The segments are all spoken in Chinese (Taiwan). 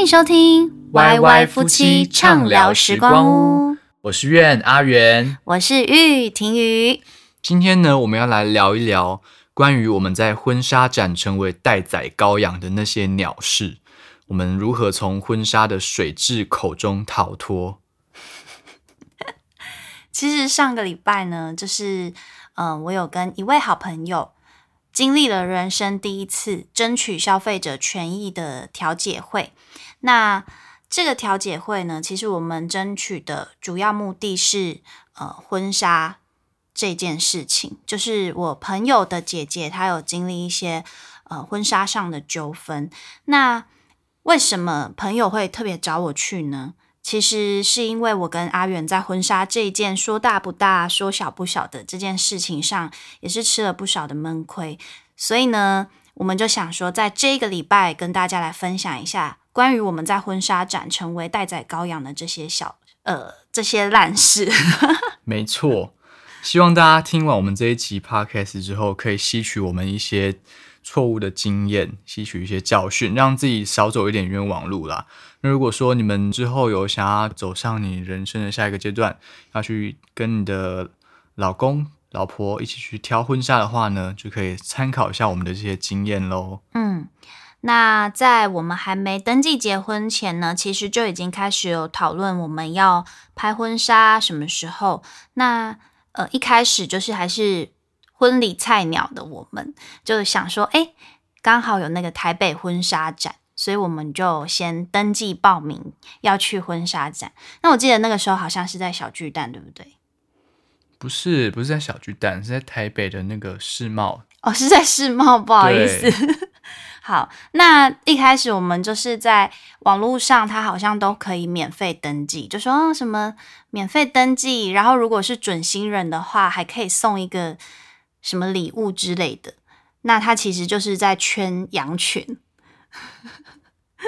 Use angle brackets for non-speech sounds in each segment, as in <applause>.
歡迎收聽《YY 歪歪夫妻暢聊時光屋、哦》，我是苑阿元，我是玉婷。今天呢，我們要來聊一聊關於我們在婚紗展成為待宰羔羊的那些鳥事。我們如何從婚紗的水質口中逃脫？其實上個禮拜呢，就是嗯、呃，我有跟一位好朋友經歷了人生第一次爭取消費者權益的調解會。那這個調解會呢，其實我們爭取的主要目的是，呃，婚紗這件事情，就是我朋友的姐姐，她有經歷一些呃婚紗上的糾紛。那為什麼朋友會特別找我去呢？其實是因為我跟阿遠在婚紗這件說大不大，說小不小的這件事情上，也是吃了不少的悶虧。所以呢，我們就想說，在這個禮拜跟大家來分享一下，關於我們在婚紗展成為待宰羔羊的這些小呃這些爛事。 <laughs> 沒錯，希望大家聽完我們這一集 podcast 之後，可以吸取我們一些錯誤的經驗，吸取一些教訓，讓自己少走一點冤枉路啦。那如果說你們之後有想要走上你人生的下一個階段，要去跟你的老公。老婆一起去挑婚紗的話呢，就可以參考一下我們的這些經驗嘍。嗯，那在我們還沒登記結婚前呢，其實就已經開始有討論我們要拍婚紗什麼時候。那呃一開始就是還是婚禮菜鳥的我們，就是想說，哎，剛好有那個台北婚紗展，所以我們就先登記報名要去婚紗展。那我記得那個時候好像是在小巨蛋，對不對？不是，不是在小巨蛋，是在台北的那個世貿。哦，是在世貿，不好意思。好，那一開始我們就是在網絡上，他好像都可以免費登記，就說什麼免費登記，然後如果是準新人的話，還可以送一個什麼禮物之類的。那他其實就是在圈羊群。 <laughs>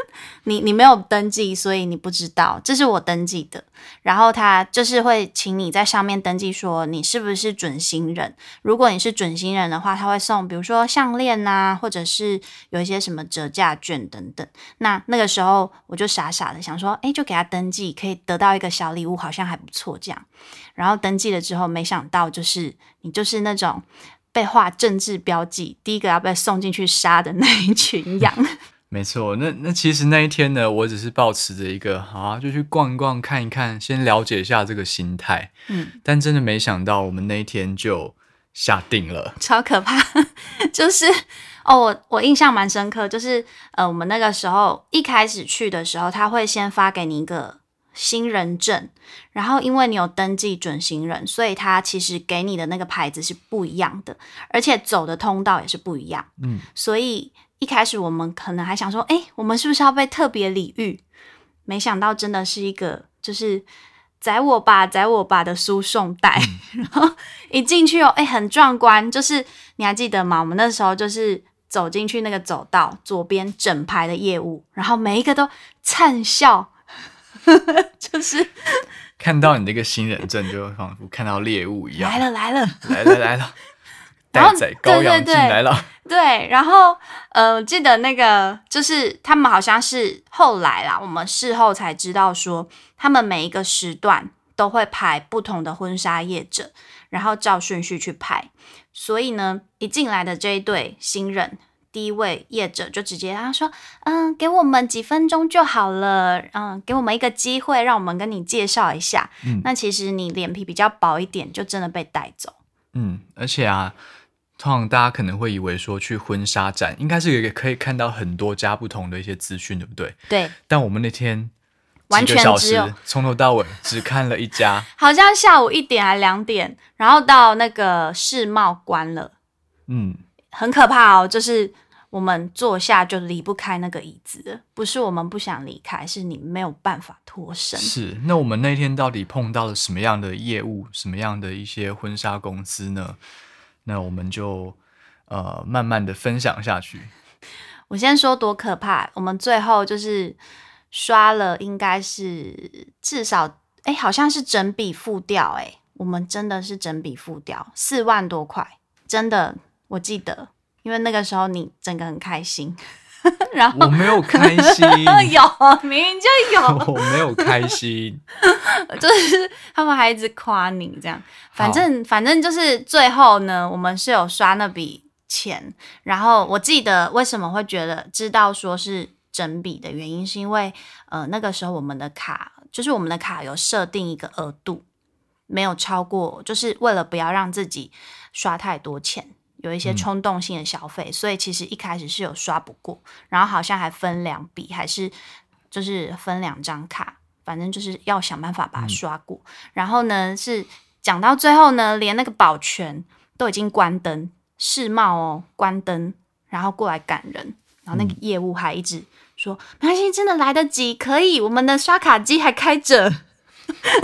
<laughs> 你你沒有登記，所以你不知道，這是我登記的。然後他就是會請你在上面登記，說你是不是準新人。如果你是準新人的話，他會送，比如說項鏈啊，或者是有一些什麼折價券等等。那那個時候我就傻傻的想說，哎、欸，就給他登記，可以得到一個小禮物，好像還不錯這樣。然後登記了之後，沒想到就是你就是那種被畫政治標記，第一個要被送進去殺的那一群羊。 <laughs> 沒錯，那那其實那一天呢，我只是抱持着一個啊，就去逛一逛，看一看，先了解一下這個心態。嗯，但真的沒想到，我們那一天就下定了，超可怕。就是哦，我我印象蠻深刻，就是呃，我們那個時候一開始去的時候，他會先發給你一個新人證，然後因為你有登記準新人，所以他其實給你的那個牌子是不一樣的，而且走的通道也是不一樣。嗯，所以。一開始我們可能還想說，哎、欸，我們是不是要被特別禮遇？沒想到真的是一個就是宰我吧，宰我吧的輸送帶。嗯、然後一進去哦，哎、欸，很壯觀，就是你還記得嗎？我們那時候就是走進去那個走道，左邊整排的業務，然後每一個都燦笑， <laughs> 就是看到你這個新人證，就仿佛看到獵物一樣，來了來了來了來了。 <laughs> 然後對對對，來了。對，然後呃，記得那個就是他們好像是後來啦，我們事後才知道說，他們每一個時段都會排不同的婚紗業者，然後照順序去排。所以呢，一進來的這一對新人，第一位業者就直接他說：“嗯，給我們幾分鐘就好了，嗯，給我們一個機會，讓我們跟你介紹一下。”嗯，那其實你臉皮比較薄一點，就真的被帶走。嗯，而且啊。通常大家可能會以為說去婚紗展應該是也可以看到很多家不同的一些資訊，對不對？對。但我們那天幾個小時、哦、從頭到尾只看了一家， <laughs> 好像下午一點還兩點，然後到那個世貿關了。嗯，很可怕哦！就是我們坐下就離不開那個椅子，不是我們不想離開，是你沒有辦法脫身。是，那我們那天到底碰到了什麼樣的業務，什麼樣的一些婚紗公司呢？那我們就，呃，慢慢的分享下去。我先說多可怕！我們最後就是刷了，應該是至少，哎，好像是整筆付掉，欸，哎，我們真的是整筆付掉四萬多塊，真的，我記得，因為那個時候你整個很開心。 <laughs> 然後我沒有開心。 <laughs> 有，明明就有，我沒有開心。 <laughs> 就是他們還一直誇你這樣，反正反正就是最後呢，我們是有刷那筆錢，然後我記得為什麼會覺得知道說是整筆的原因，是因為呃那個時候我們的卡就是我們的卡有設定一個額度，沒有超過，就是為了不要讓自己刷太多錢。有一些衝動性的消費，嗯，所以其實一開始是有刷不過，然後好像還分兩筆，還是就是分兩張卡，反正就是要想辦法把它刷過。嗯、然後呢，是講到最後呢，連那個保全都已經關燈，世貿哦關燈，然後過來趕人，然後那個業務還一直說、嗯、沒關係，真的來得及，可以，我們的刷卡機還開着， <laughs>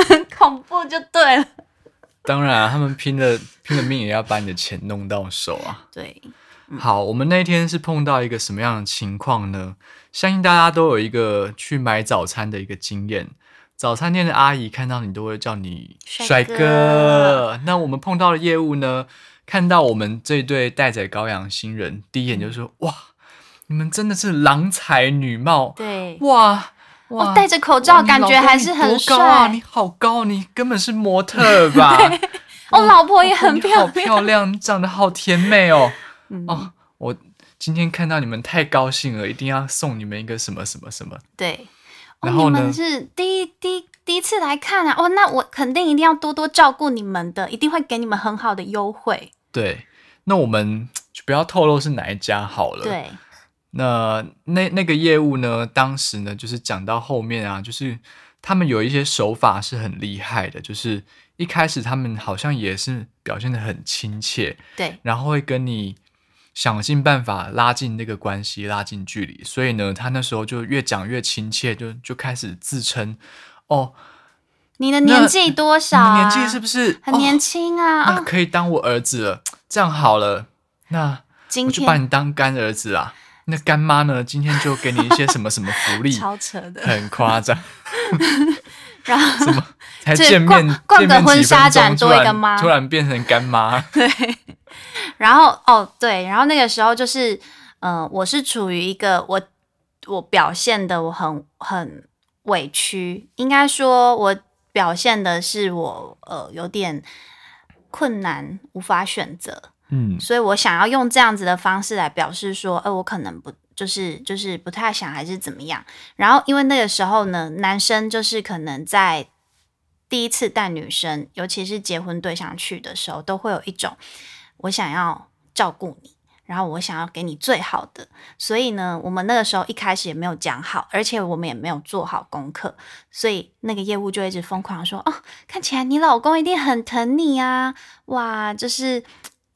很恐怖就對了。當然、啊，他們拼了拼了命也要把你的錢弄到手啊！對、嗯，好，我們那天是碰到一個什麼樣的情況呢？相信大家都有一個去買早餐的一個經驗，早餐店的阿姨看到你都會叫你帥哥。帥哥那我們碰到的業務呢？看到我們這對待宰羔羊新人、嗯，第一眼就說：哇，你們真的是郎才女貌！對，哇。我戴着口罩，感覺還是很帥、啊。你好高、啊，你根本是模特吧？我、 <laughs> 哦 <laughs> 哦、老婆也很漂亮，好漂亮，長得好甜美哦、嗯。哦，我今天看到你們太高興了，一定要送你們一個什麼什麼什麼。對，哦、然後你們是第一第一第一次來看啊？哦，那我肯定一定要多多照顧你們的，一定會給你們很好的優惠。對，那我們就不要透露是哪一家好了。對。那那那個業務呢？當時呢，就是講到後面啊，就是他們有一些手法是很厲害的。就是一開始他們好像也是表現的很親切，對，然後會跟你想盡辦法拉近那個關係，拉近距離。所以呢，他那時候就越講越親切，就就開始自稱哦，你的年紀多少啊？你年紀是不是很年輕啊？哦，那可以當我兒子了，這樣好了。那我就把你當乾兒子啊。那乾媽呢？今天就給你一些什麼什麼福利？ <laughs> 超扯的，很誇張。 <laughs> 然後什麼？才見面，逛，見面幾分鐘逛個婚紗展多一個媽，突然變成乾媽。對。然後哦，對，然後那個時候就是，嗯、呃，我是處於一個我我表現的我很很委屈，應該說我表現的是我呃有點困難，無法選擇。嗯， <noise> 所以我想要用這樣子的方式來表示說，誒、呃，我可能不就是就是不太想還是怎麼樣。然後因為那個時候呢，男生就是可能在第一次帶女生，尤其是結婚對象去的時候，都會有一種我想要照顧你，然後我想要給你最好的。所以呢，我們那個時候一開始也沒有講好，而且我們也沒有做好功課，所以那個業務就一直瘋狂說，哦，看起來你老公一定很疼你啊，哇，就是。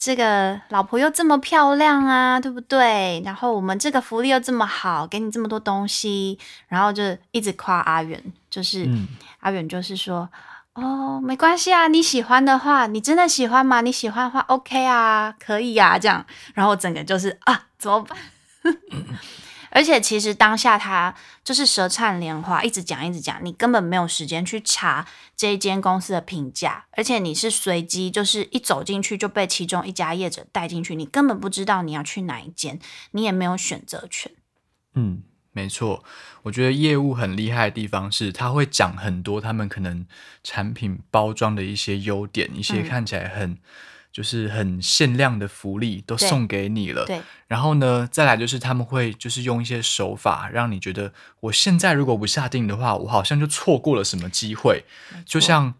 這個老婆又這麼漂亮啊，對不對？然後我們這個福利又這麼好，給你這麼多東西，然後就一直誇阿遠，就是、嗯、阿遠就是說，哦，沒關係啊，你喜歡的話，你真的喜歡嗎？你喜歡的話，OK 啊，可以啊，這樣，然後整個就是啊，怎麼辦？ <laughs> 嗯而且其實當下他就是舌燦蓮花，一直講一直講，你根本沒有時間去查這一間公司的評價。而且你是隨機，就是一走進去就被其中一家業者帶進去，你根本不知道你要去哪一間，你也沒有選擇權。嗯，沒錯。我覺得業務很厲害的地方是，他會講很多他們可能產品包裝的一些優點，一些看起來很。嗯就是很限量的福利都送給你了，然後呢，再來就是他們會就是用一些手法讓你覺得，我現在如果不下定的話，我好像就錯過了什麼機會，就像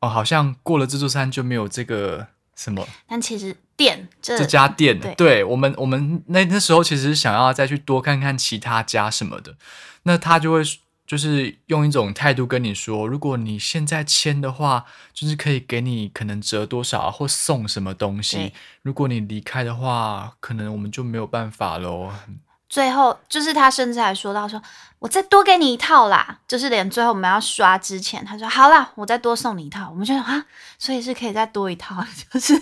哦，好像過了這座山就沒有這個什麼。但其實店這，這家店，對，對我們我們那那時候其實是想要再去多看看其他家什麼的，那他就會。就是用一種態度跟你說，如果你現在簽的話，就是可以給你可能折多少、啊、或送什麼東西；如果你離開的話，可能我們就沒有辦法嘍。最後，就是他甚至還說到說，我再多給你一套啦，就是連最後我們要刷之前，他說好啦，我再多送你一套，我們就想啊，所以是可以再多一套，就是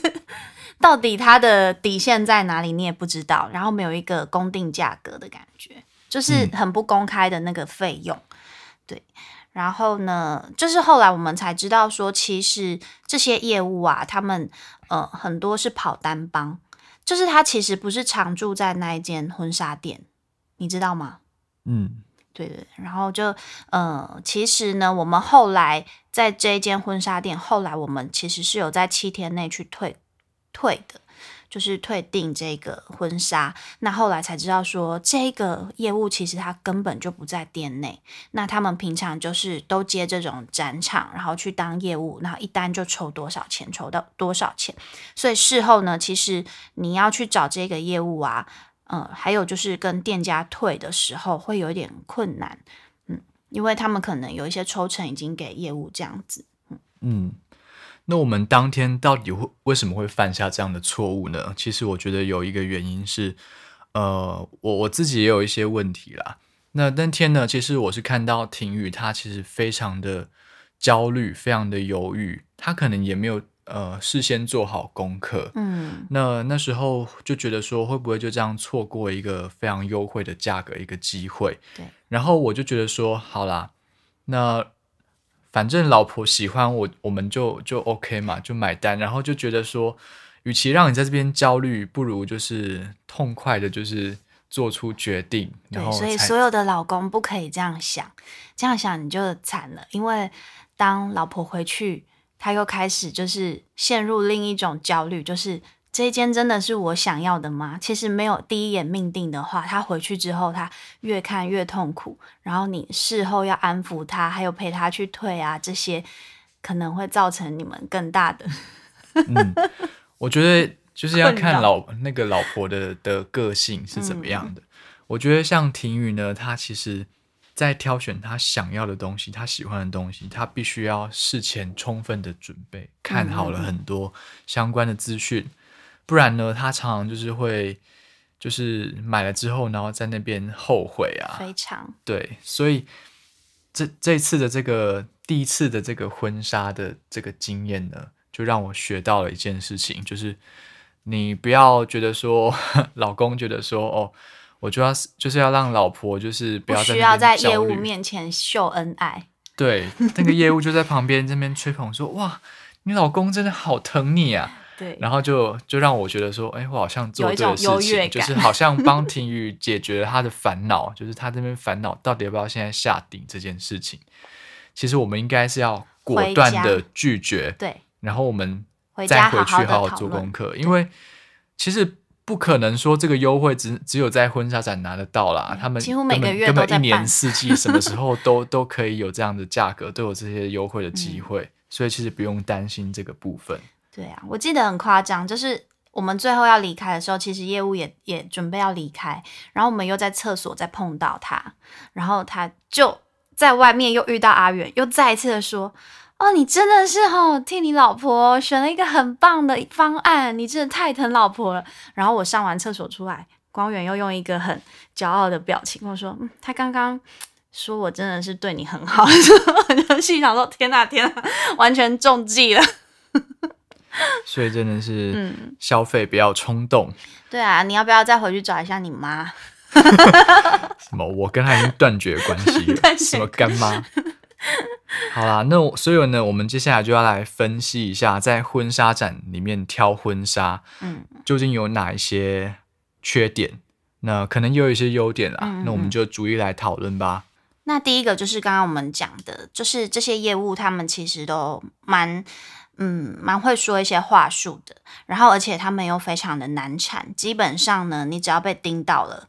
到底他的底線在哪裡，你也不知道，然後沒有一個公定價格的感覺，就是很不公開的那個費用。嗯。對，然後呢，就是後來我們才知道說，其實這些業務啊，他們呃很多是跑單幫，就是他其實不是常住在那一間婚紗店，你知道嗎？嗯，對對，然後就呃，其實呢，我們後來在這一間婚紗店，後來我們其實是有在七天內去退退的。就是退訂這個婚紗，那後來才知道說這個業務其實他根本就不在店內。那他們平常就是都接這種展場，然後去當業務，然後一單就抽多少錢，抽到多少錢。所以事後呢，其實你要去找這個業務啊，呃，還有就是跟店家退的時候會有點困難，嗯，因為他們可能有一些抽成已經給業務這樣子，嗯。嗯那我們當天到底會為什麼會犯下這樣的錯誤呢？其實我覺得有一個原因是，呃，我我自己也有一些問題啦。那當天呢，其實我是看到庭宇她其實非常的焦慮，非常的猶豫，她可能也沒有呃事先做好功課。嗯。那那時候就覺得說，會不會就這樣錯過一個非常優惠的價格一個機會？對。然後我就覺得說，好啦，那。反正老婆喜歡我，我們就就 OK 嘛，就買單，然後就覺得說，與其讓你在這邊焦慮，不如就是痛快的，就是做出決定。然後所以所有的老公不可以這樣想，這樣想你就慘了，因為當老婆回去，她又開始就是陷入另一種焦慮，就是。這一間真的是我想要的嗎？其實沒有第一眼命定的話，他回去之後他越看越痛苦，然後你事後要安撫他，還有陪他去退啊，這些可能會造成你們更大的。 <laughs> 嗯、我覺得就是要看老那個老婆的的個性是怎麼樣的。嗯、我覺得像婷雨呢，她其實在挑選她想要的東西，她喜歡的東西，她必須要事前充分的準備，看好了很多相關的資訊。嗯嗯不然呢？他常常就是會，就是買了之後，然後在那邊後悔啊。非常。對，所以這這次的這個第一次的這個婚紗的這個經驗呢，就讓我學到了一件事情，就是你不要覺得說老公覺得說哦，我就要就是要讓老婆就是不要在，不需要在業務，業務面前秀恩愛。對，那個業務就在旁邊這邊吹捧說 <laughs> 哇，你老公真的好疼你啊。對，然後就就讓我覺得說，哎、欸，我好像做對的事情，就是好像幫婷宇解決了他的煩惱， <laughs> 就是他這邊煩惱到底要不要現在下定這件事情。其實我們應該是要果斷的拒絕，對，然後我們再回去好好做功課，因為其實不可能說這個優惠只只有在婚紗展拿得到啦，他們根本，根本一年四季什麼時候都 <laughs> 都可以有這樣的價格，都有這些優惠的機會，嗯，所以其實不用擔心這個部分。對啊，我記得很誇張，就是我們最後要離開的時候，其實業務也也準備要離開，然後我們又在廁所再碰到他，然後他就在外面又遇到阿遠，又再一次的說：“哦，你真的是哦，替你老婆選了一個很棒的方案，你真的太疼老婆了。”然後我上完廁所出來，光遠又用一個很驕傲的表情跟我說：“嗯，他剛剛說我真的是對你很好。 <laughs> ”我就心想說：“天啊天啊，完全中計了。”所以真的是，嗯，消費不要衝動。對啊，你要不要再回去找一下你媽？ <laughs> <laughs> 什麼？我跟她已經斷絕關係了。 <laughs> 什麼乾媽？好啦，那所以呢，我們接下來就要來分析一下，在婚紗展裡面挑婚紗，嗯，究竟有哪一些缺點？那可能又有一些優點啦嗯嗯。那我們就逐一來討論吧。那第一個就是剛剛我們講的，就是這些業務，他們其實都蠻，嗯，蠻會說一些話術的。然後，而且他們又非常的難纏，基本上呢，你只要被盯到了，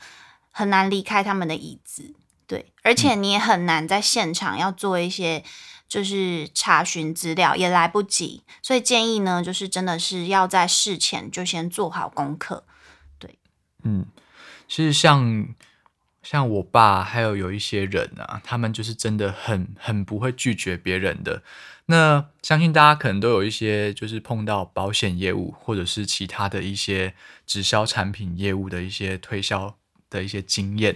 很難離開他們的椅子。對，而且你也很難在現場要做一些，就是查詢資料也來不及。所以建議呢，就是真的是要在事前就先做好功課。對，嗯，其實像。像我爸還有有一些人啊，他們就是真的很很不會拒絕別人的。那相信大家可能都有一些就是碰到保險業務或者是其他的一些直銷產品業務的一些推銷的一些經驗。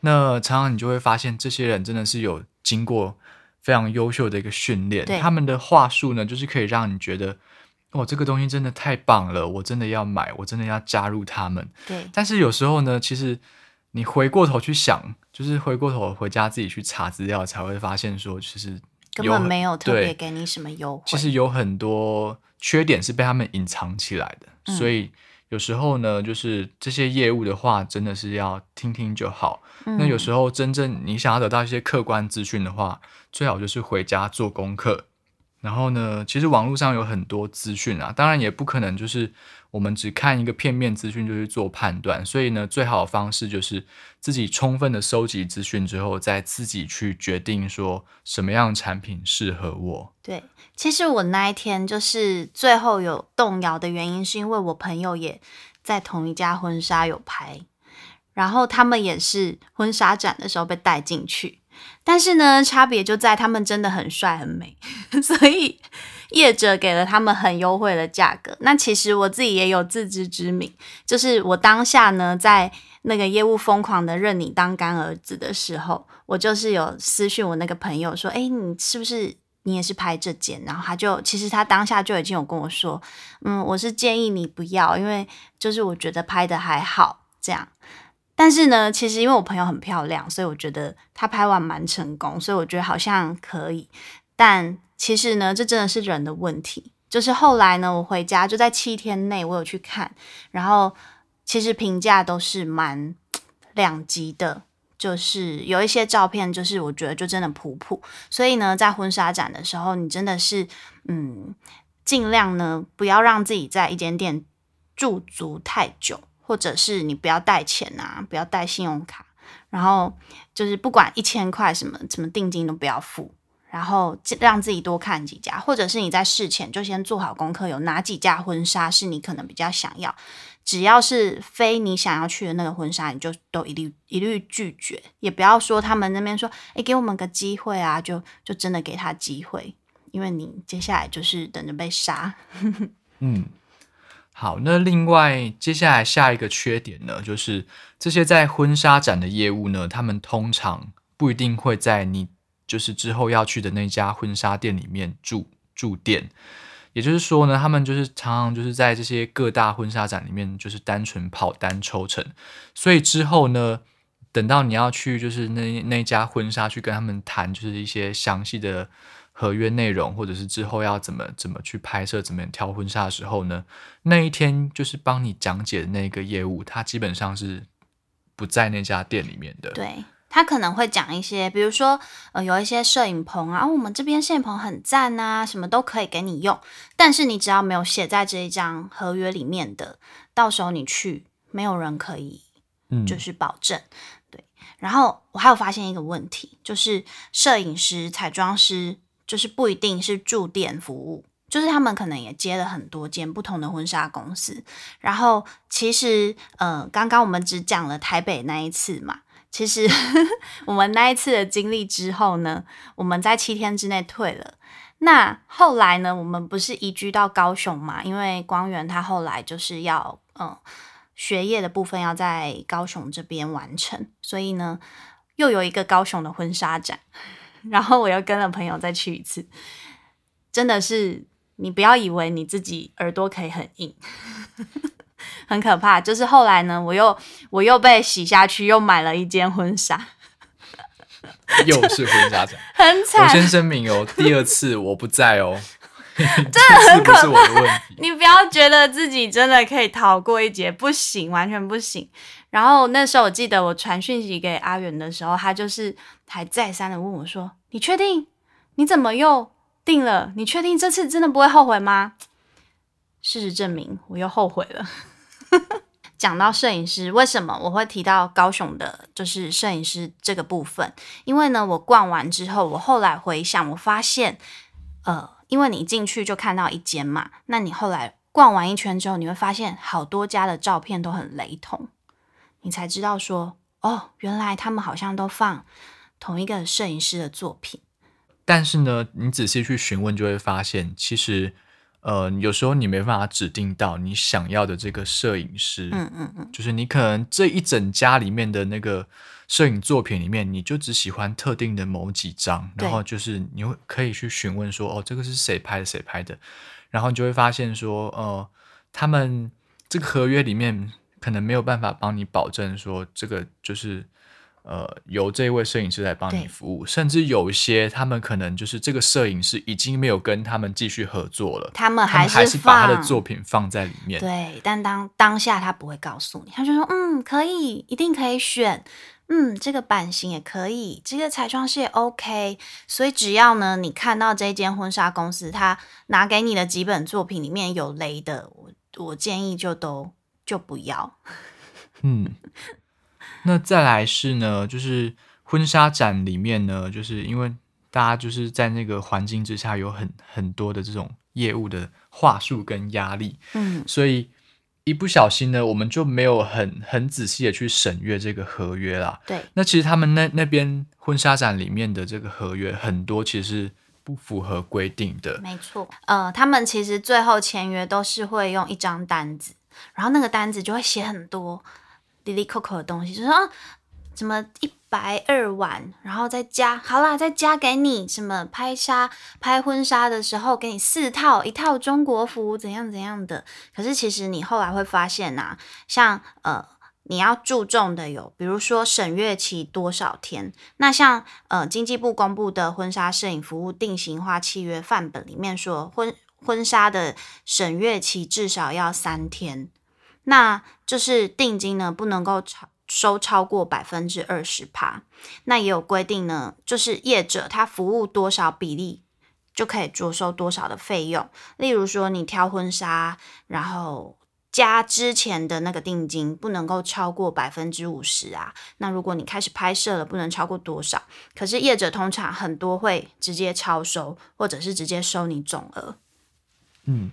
那常常你就會發現，這些人真的是有經過非常優秀的一個訓練。對，他們的話術呢，就是可以讓你覺得，哦，這個東西真的太棒了，我真的要買，我真的要加入他們。對，但是有時候呢，其實。你回過頭去想，就是回過頭回家自己去查資料，才會發現說其實根本沒有特別給你什麼優惠。其實有很多缺點是被他們隱藏起來的，嗯、所以有時候呢，就是這些業務的話，真的是要聽聽就好、嗯。那有時候真正你想要得到一些客觀資訊的話，最好就是回家做功課。然後呢，其實網絡上有很多資訊啊，當然也不可能就是我們只看一個片面資訊就去做判斷，所以呢，最好的方式就是自己充分的收集資訊之後，再自己去決定說什麼樣的產品適合我。對，其實我那一天就是最後有動搖的原因，是因為我朋友也在同一家婚紗有拍，然後他們也是婚紗展的時候被帶進去。但是呢，差別就在他們真的很帥很美，所以業者給了他們很優惠的價格。那其實我自己也有自知之明，就是我當下呢，在那個業務瘋狂的認你當乾兒子的時候，我就是有私訊我那個朋友說：“誒、欸，你是不是你也是拍這件？”然後他就其實他當下就已經有跟我說：“嗯，我是建議你不要，因為就是我覺得拍的還好這樣。”但是呢，其實因為我朋友很漂亮，所以我覺得她拍完蠻成功，所以我覺得好像可以。但其實呢，這真的是人的問題。就是後來呢，我回家就在七天內，我有去看，然後其實評價都是蠻兩極的，就是有一些照片，就是我覺得就真的普普。所以呢，在婚紗展的時候，你真的是嗯，盡量呢不要讓自己在一間店駐足太久。或者是你不要帶錢啊，不要帶信用卡，然後就是不管一千塊什麼什麼定金都不要付，然後讓自己多看幾家，或者是你在事前就先做好功課，有哪幾家婚紗是你可能比較想要，只要是非你想要去的那個婚紗，你就都一律一律拒絕，也不要說他們那邊說，哎、欸，給我們個機會啊，就就真的給他機會，因為你接下來就是等着被殺， <laughs> 嗯。好，那另外接下來下一個缺點呢，就是這些在婚紗展的業務呢，他們通常不一定會在你就是之後要去的那家婚紗店裡面駐，駐店，也就是說呢，他們就是常常就是在這些各大婚紗展裡面，就是單純跑單抽成，所以之後呢，等到你要去就是那那家婚紗去跟他們談，就是一些詳細的。合約內容，或者是之後要怎麼怎麼去拍攝，怎麼挑婚紗的時候呢，那一天就是幫你講解的那個業務，它基本上是不在那家店裡面的。對他可能會講一些，比如說呃，有一些攝影棚啊，我們這邊攝影棚很讚啊，什麼都可以給你用。但是你只要沒有寫在這一張合約裡面的，到時候你去沒有人可以，嗯，就是保證，嗯。對。然後我還有發現一個問題，就是攝影師、彩妝師。就是不一定是駐店服務，就是他們可能也接了很多間不同的婚紗公司。然後其實，呃，剛剛我們只講了台北那一次嘛。其實，呵呵，我們那一次的經歷之後呢，我們在七天之內退了。那後來呢，我們不是移居到高雄嘛？因為光源他後來就是要，嗯、呃，學業的部分要在高雄這邊完成，所以呢，又有一個高雄的婚紗展。然後我又跟了朋友再去一次，真的是你不要以為你自己耳朵可以很硬， <laughs> 很可怕。就是後來呢，我又我又被洗下去，又買了一件婚紗， <laughs> 又是婚紗展 <laughs> 很慘。我先聲明哦，第二次我不在哦， <laughs> <laughs> 真的很可怕 <laughs> <laughs> 是是。你不要覺得自己真的可以逃過一劫，不行，完全不行。然後那時候我記得我傳訊息給阿遠的時候，他就是還再三的問我說：“你確定？你怎麼又定了？你確定這次真的不會後悔嗎？”事實證明，我又後悔了。 <laughs> 講到攝影師，為什麼我會提到高雄的，就是攝影師這個部分？因為呢，我逛完之後，我後來回想，我發現，呃，因為你一進去就看到一間嘛，那你後來逛完一圈之後，你會發現好多家的照片都很雷同。你才知道說哦，原來他們好像都放同一個攝影師的作品，但是呢，你仔細去詢問就會發現，其實，呃，有時候你沒辦法指定到你想要的這個攝影師。嗯嗯嗯，就是你可能這一整家裡面的那個攝影作品裡面，你就只喜歡特定的某幾張，然後就是你會可以去詢問說，哦，這個是誰拍的？誰拍的？然後你就會發現說，呃，他們這個合約裡面。嗯可能沒有辦法幫你保證說這個就是，呃，由這位攝影師來幫你服務，甚至有一些他們可能就是這個攝影師已經沒有跟他們繼續合作了，他們還是，他們還是把他的作品放在裡面。對，但當當下他不會告訴你，他就說嗯，可以，一定可以選，嗯，這個版型也可以，這個彩妝師也 OK。所以只要呢，你看到這間婚紗公司他拿給你的幾本作品裡面有雷的，我我建議就都。就不要， <laughs> 嗯，那再來是呢，就是婚紗展裡面呢，就是因為大家就是在那個環境之下有很很多的這種業務的話術跟壓力，嗯，所以一不小心呢，我們就沒有很很仔細的去審閱這個合約啦。對，那其實他們那那邊婚紗展裡面的這個合約很多其實不符合規定的，沒錯，呃，他們其實最後簽約都是會用一張單子。然後那個單子就會寫很多里里扣扣的東西，就說啊、什麼一百二萬，然後再加，好啦，再加給你什麼拍紗、拍婚紗的時候給你四套，一套中國服怎樣怎樣的。可是其實你後來會發現啊，像呃你要注重的有，比如說審閱期多少天，那像呃經濟部公布的婚紗攝影服務定型化契約範本裡面說婚。婚紗的審閱期至少要三天，那就是定金呢不能夠超收超過百分之二十趴。那也有規定呢，就是業者他服務多少比例就可以酌收多少的費用。例如說你挑婚紗，然後加之前的那個定金不能夠超過百分之五十啊。那如果你開始拍攝了，不能超過多少？可是業者通常很多會直接超收，或者是直接收你總額。嗯，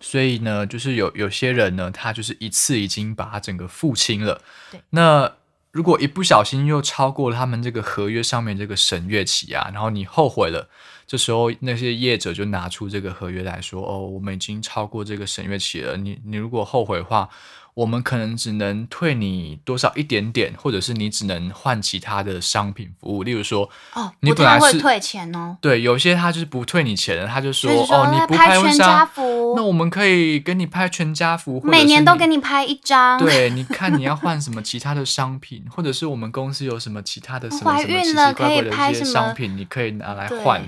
所以呢，就是有有些人呢，他就是一次已經把他整個付清了。對，那如果一不小心又超過他們這個合約上面這個審閱期啊，然後你後悔了，這時候那些業者就拿出這個合約來說：“哦，我們已經超過這個審閱期了，你你如果後悔的話。”我們可能只能退你多少一點點，或者是你只能換其他的商品服務，例如說，哦，你本來會退錢哦。對，有些他就是不退你錢，他就說、就是、說，哦，你不拍全家福，那我們可以給你拍全家福，或者是每年都給你拍一張。對，你看你要換什麼其他的商品， <laughs> 或者是我們公司有什麼其他的什麼了什麼奇奇怪怪的一些商品，你可以拿來換。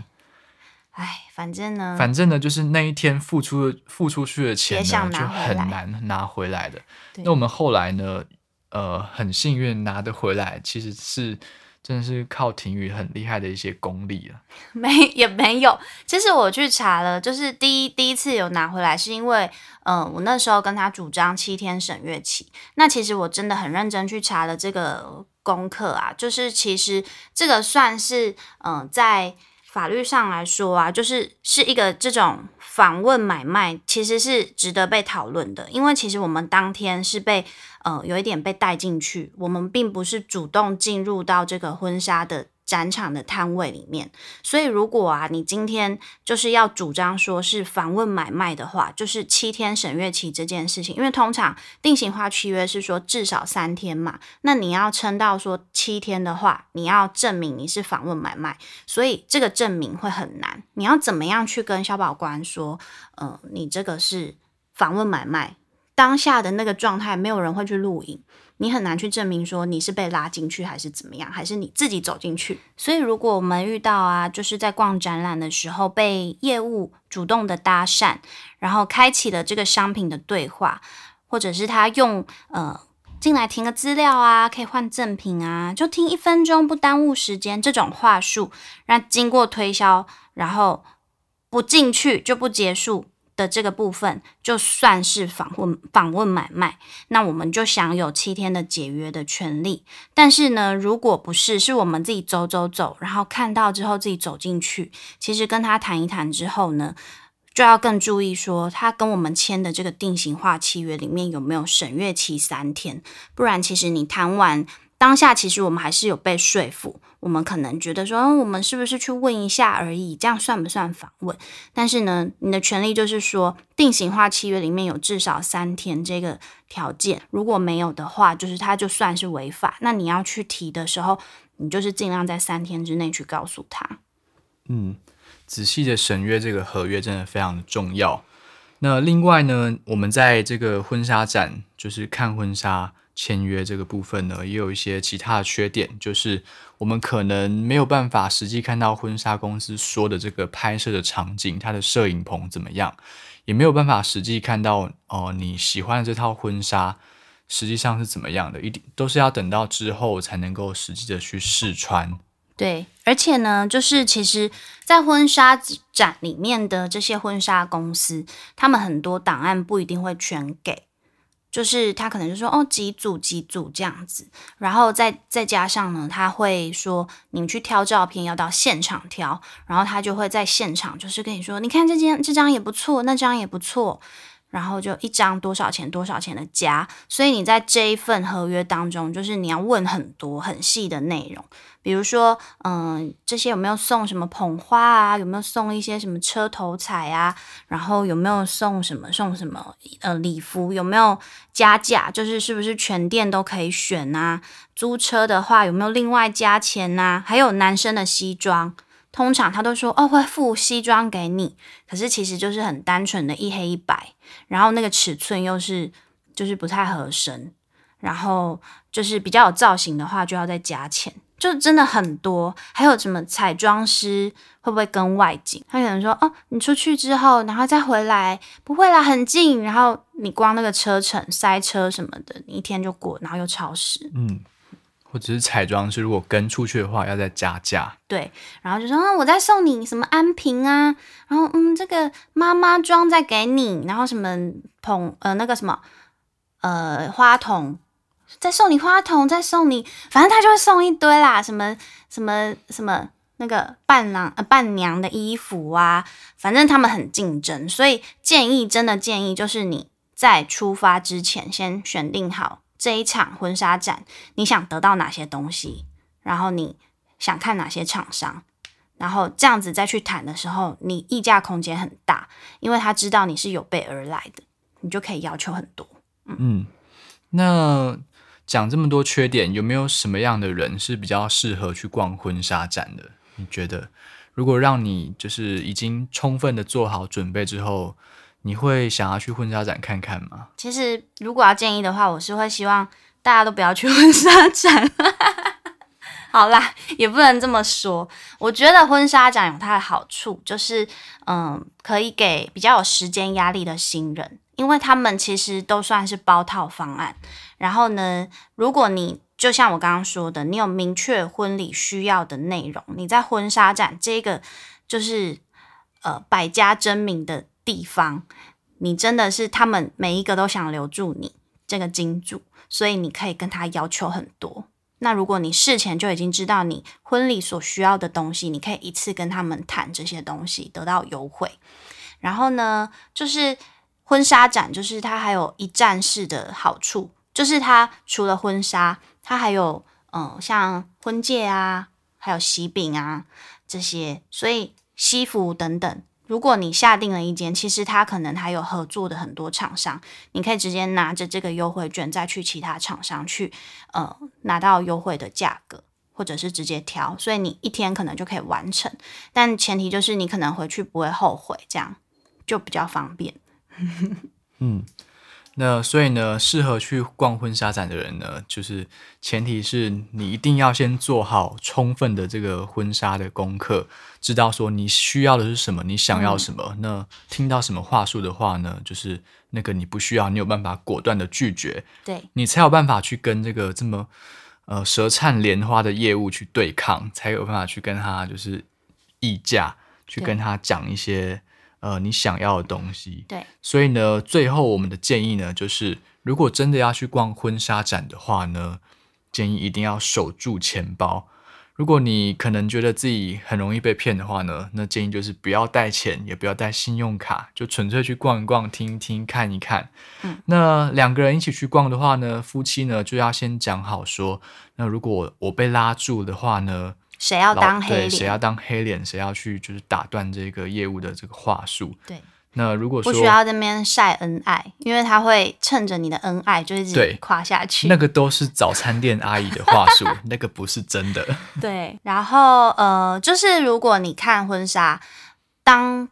哎。唉。反正呢，反正呢，就是那一天付出的付出去的錢呢，也想拿回來，就很難拿回來的。對。那我們後來呢，呃，很幸運拿得回來，其實是真的是靠婷雨很厲害的一些功力了。沒也沒有，其實我去查了，就是第一第一次有拿回來，是因為，嗯、呃，我那時候跟他主張七天審閱期。那其實我真的很認真去查了這個功課啊，就是其實這個算是，嗯、呃，在。法律上來說啊，就是是一個這種訪問買賣，其實是值得被討論的。因為其實我們當天是被，呃，有一點被帶進去，我們並不是主動進入到這個婚紗的。展場的攤位裡面，所以如果啊，你今天就是要主張說是訪問買賣的話，就是七天審閱期這件事情，因為通常定型化契約是說至少三天嘛，那你要撐到說七天的話，你要證明你是訪問買賣，所以這個證明會很難。你要怎麼樣去跟消保官說，呃，你這個是訪問買賣？當下的那個狀態，沒有人會去錄影，你很難去證明說你是被拉進去還是怎麼樣，還是你自己走進去。所以，如果我們遇到啊，就是在逛展覽的時候被業務主動的搭訕，然後開啟了這個商品的對話，或者是他用呃進來聽個資料啊，可以換贈品啊，就聽一分鐘不耽誤時間這種話術，然後經過推銷，然後不進去就不結束。的這個部分就算是訪問訪問買賣，那我們就享有七天的解約的權利。但是呢，如果不是是我們自己走走走，然後看到之後自己走進去，其實跟他談一談之後呢，就要更注意說他跟我們簽的這個定型化契約裡面有沒有審閱期三天，不然其實你談完。當下其實我們還是有被說服，我們可能覺得說，嗯，我們是不是去問一下而已，這樣算不算訪問？但是呢，你的權利就是說，定型化契約裡面有至少三天這個條件，如果沒有的話，就是他就算是違法。那你要去提的時候，你就是儘量在三天之內去告訴他。嗯，仔細的審閱這個合約真的非常的重要。那另外呢，我們在這個婚紗展就是看婚紗。簽約這個部分呢，也有一些其他的缺點，就是我們可能沒有辦法實際看到婚紗公司說的這個拍攝的場景，它的攝影棚怎麼樣，也沒有辦法實際看到哦、呃、你喜歡的這套婚紗實際上是怎麼樣的，一定都是要等到之後才能夠實際的去試穿。對，而且呢，就是其實在婚紗展裡面的這些婚紗公司，他們很多檔案不一定會全給。就是他可能就說哦幾組幾組這樣子，然後再再加上呢，他會說你去挑照片，要到現場挑，然後他就會在現場就是跟你說，你看這件這張也不錯，那張也不錯，然後就一張多少錢多少錢的加，所以你在這一份合約當中，就是你要問很多很細的內容。比如說，嗯、呃，這些有沒有送什麼捧花啊？有沒有送一些什麼車頭彩啊？然後有沒有送什麼送什麼呃禮服？有沒有加價？就是是不是全店都可以選啊？租車的話有沒有另外加錢啊？還有男生的西裝，通常他都說哦，會附西裝給你，可是其實就是很單純的一黑一白，然後那個尺寸又是就是不太合身，然後就是比較有造型的話就要再加錢。就真的很多，還有什麼彩妝師會不會跟外景？他可能說哦，你出去之後，然後再回來，不會啦，很近。然後你光那個車程、塞車什麼的，你一天就過，然後又超時。嗯，或者是彩妝師如果跟出去的話，要再加價。對，然後就說哦，我再送你什麼安瓶啊，然後嗯，這個媽媽妝再給你，然後什麼桶，呃那個什麼呃花筒。再送你花筒，再送你，反正他就會送一堆啦，什麼什麼什麼那個伴郎、伴娘的衣服啊，反正他們很競爭，所以建議真的建議就是你在出發之前先選定好這一場婚紗展，你想得到哪些東西，然後你想看哪些廠商，然後這樣子再去談的時候，你議價空間很大，因為他知道你是有備而來的，你就可以要求很多。嗯，嗯那。講這麼多缺點，有沒有什麼樣的人是比較適合去逛婚紗展的？你覺得，如果讓你就是已經充分的做好準備之後，你會想要去婚紗展看看嗎？其實，如果要建議的話，我是會希望大家都不要去婚紗展。 <laughs> 好啦，也不能這麼說。我覺得婚紗展有它的好處，就是嗯，可以給比較有時間壓力的新人。因為他們其實都算是包套方案，然後呢，如果你就像我剛剛說的，你有明確婚禮需要的內容，你在婚紗展這個就是呃百家爭鳴的地方，你真的是他們每一個都想留住你這個金主，所以你可以跟他要求很多。那如果你事前就已經知道你婚禮所需要的東西，你可以一次跟他們談這些東西，得到優惠。然後呢，就是。婚紗展就是它還有一站式的好處，就是它除了婚紗，它還有嗯、呃，像婚戒啊，還有喜餅啊這些，所以西服等等，如果你下定了一間，其實它可能還有合作的很多廠商，你可以直接拿着這個優惠券再去其他廠商去，呃，拿到優惠的價格，或者是直接挑，所以你一天可能就可以完成，但前提就是你可能回去不會後悔，這樣就比較方便。 <laughs> 嗯，那所以呢，適合去逛婚紗展的人呢，就是前提是你一定要先做好充分的這個婚紗的功課，知道說你需要的是什麼，你想要什麼。嗯。那聽到什麼話術的話呢，就是那個你不需要，你有辦法果斷的拒絕，對。你才有辦法去跟這個這麼呃舌燦蓮花的業務去對抗，才有辦法去跟他就是議價，去跟他講一些。呃，你想要的東西。對，所以呢，最後我們的建議呢，就是如果真的要去逛婚紗展的話呢，建議一定要守住錢包。如果你可能覺得自己很容易被騙的話呢，那建議就是不要帶錢，也不要帶信用卡，就純粹去逛一逛，聽一聽，看一看。嗯，那兩個人一起去逛的話呢，夫妻呢就要先講好說，那如果我被拉住的話呢。誰要當黑臉？誰要當黑臉？誰要去就是打斷這個業務的這個話術？對。那如果說不需要在那邊曬恩愛，因為他會趁着你的恩愛，就一直垮下去。那個都是早餐店阿姨的話術， <laughs> 那個不是真的。對。然後呃，就是如果你看婚紗，當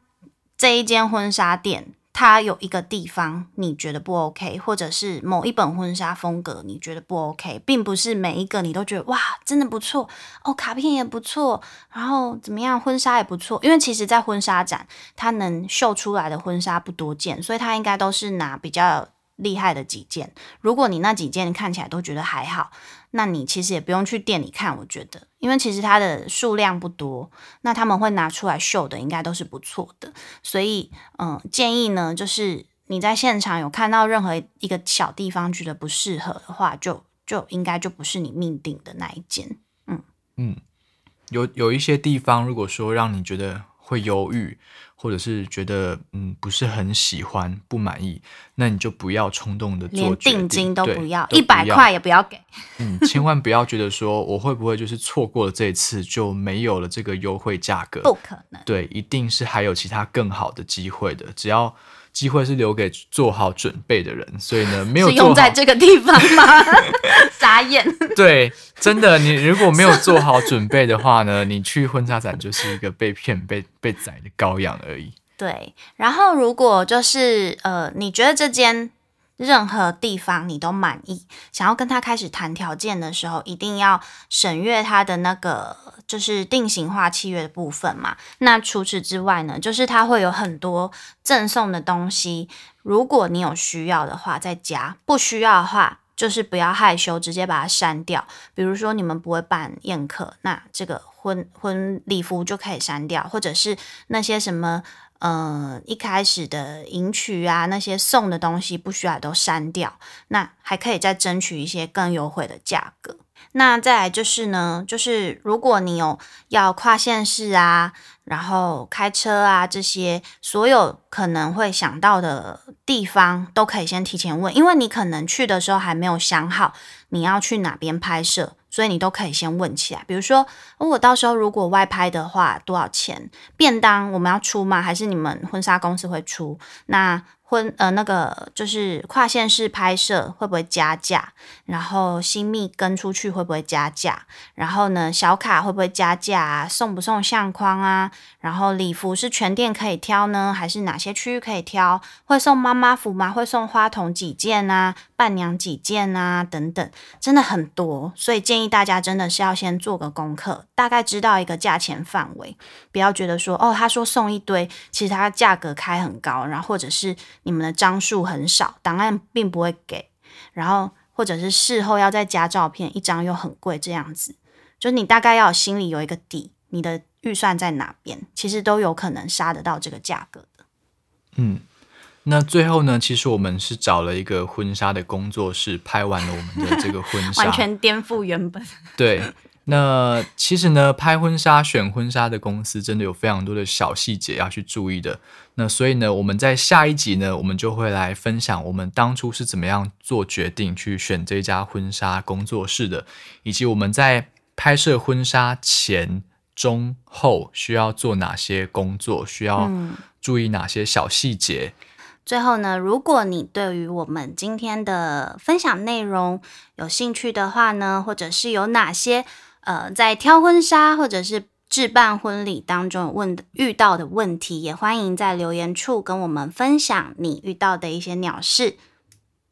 這一間婚紗店。它有一個地方你覺得不 OK，或者是某一本婚紗風格你覺得不 OK，並不是每一個你都覺得哇真的不錯哦，卡片也不錯，然後怎麼樣婚紗也不錯，因為其實在婚紗展它能秀出來的婚紗不多見，所以它應該都是拿比較。厲害的幾件，如果你那幾件看起來都覺得還好，那你其實也不用去店裡看。我覺得，因為其實它的數量不多，那他們會拿出來秀的，應該都是不錯的。所以，嗯、呃，建議呢，就是你在現場有看到任何一個小地方覺得不適合的話，就就應該就不是你命定的那一件。嗯嗯，有有一些地方，如果說讓你覺得會猶豫。或者是覺得嗯，不是很喜歡不滿意，那你就不要衝動的做決定，定金都不要，對，一百塊也不要給， <laughs> 嗯，千萬不要覺得說，我會不會就是錯過了這一次就沒有了這個優惠價格？不可能，對，一定是還有其他更好的機會的，只要。機會是留給做好準備的人，所以呢，沒有用在這個地方嗎？ <laughs> <laughs> 傻眼。對，真的，你如果沒有做好準備的話呢， <laughs> 你去婚紗展就是一個被騙、被被宰的羔羊而已。對，然後如果就是呃，你覺得這間任何地方你都滿意，想要跟他開始談條件的時候，一定要審閱他的那個就是定型化契約的部分嘛。那除此之外呢，就是他會有很多贈送的東西，如果你有需要的話再加，不需要的話就是不要害羞，直接把它刪掉。比如說你們不會辦宴客，那這個婚婚禮服就可以刪掉，或者是那些什麼。呃，一開始的迎娶啊，那些送的東西不需要都刪掉，那還可以再爭取一些更優惠的價格。那再來就是呢，就是如果你有要跨縣市啊，然後開車啊這些，所有可能會想到的地方都可以先提前問，因為你可能去的時候還沒有想好你要去哪邊拍攝。所以你都可以先問起來，比如說，哦，我到時候如果外拍的話，多少錢？便當我們要出嗎？還是你們婚紗公司會出？那？婚呃，那個就是跨縣市拍攝會不會加價？然後新秘跟出去會不會加價？然後呢，小卡會不會加價？送不送相框啊？然後禮服是全店可以挑呢，還是哪些區域可以挑？會送媽媽服嗎？會送花童幾件啊？伴娘幾件啊？等等，真的很多，所以建議大家真的是要先做個功課，大概知道一個價錢範圍，不要覺得說哦，他說送一堆，其實他價格開很高，然後或者是。你們的張數很少，檔案並不會給，然後或者是事後要再加照片，一張又很貴，這樣子，就是你大概要心裡有一個底，你的預算在哪邊，其實都有可能殺得到這個價格的。嗯，那最後呢，其實我們是找了一個婚紗的工作室拍完了我們的這個婚紗， <laughs> 完全顛覆原本。對，那其實呢，拍婚紗、選婚紗的公司真的有非常多的小細節要去注意的。那所以呢，我們在下一集呢，我們就會來分享我們當初是怎麼樣做決定去選這家婚紗工作室的，以及我們在拍攝婚紗前、中、後需要做哪些工作，需要注意哪些小細節。嗯，最後呢，如果你對於我們今天的分享內容有興趣的話呢，或者是有哪些呃在挑婚紗或者是。置辦婚禮當中問的遇到的問題，也歡迎在留言處跟我們分享你遇到的一些鳥事。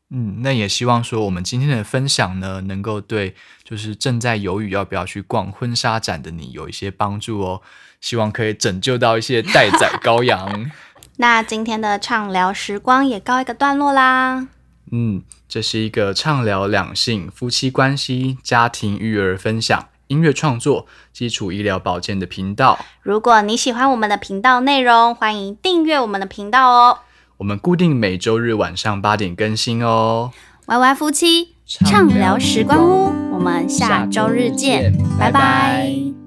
嗯，那也希望說我們今天的分享呢，能夠對就是正在猶豫要不要去逛婚紗展的你有一些幫助哦。希望可以拯救到一些待宰羔羊。 <laughs> <laughs> 那今天的暢聊時光也告一個段落啦。嗯，這是一個暢聊兩性、夫妻關係、家庭育兒分享。音樂創作、基礎醫療保健的頻道。如果你喜歡我們的頻道內容，歡迎訂閱我們的頻道哦。我們固定每周日晚上八點更新哦。YY 夫妻暢聊時光屋，我們下周日見，日見，拜拜。拜拜。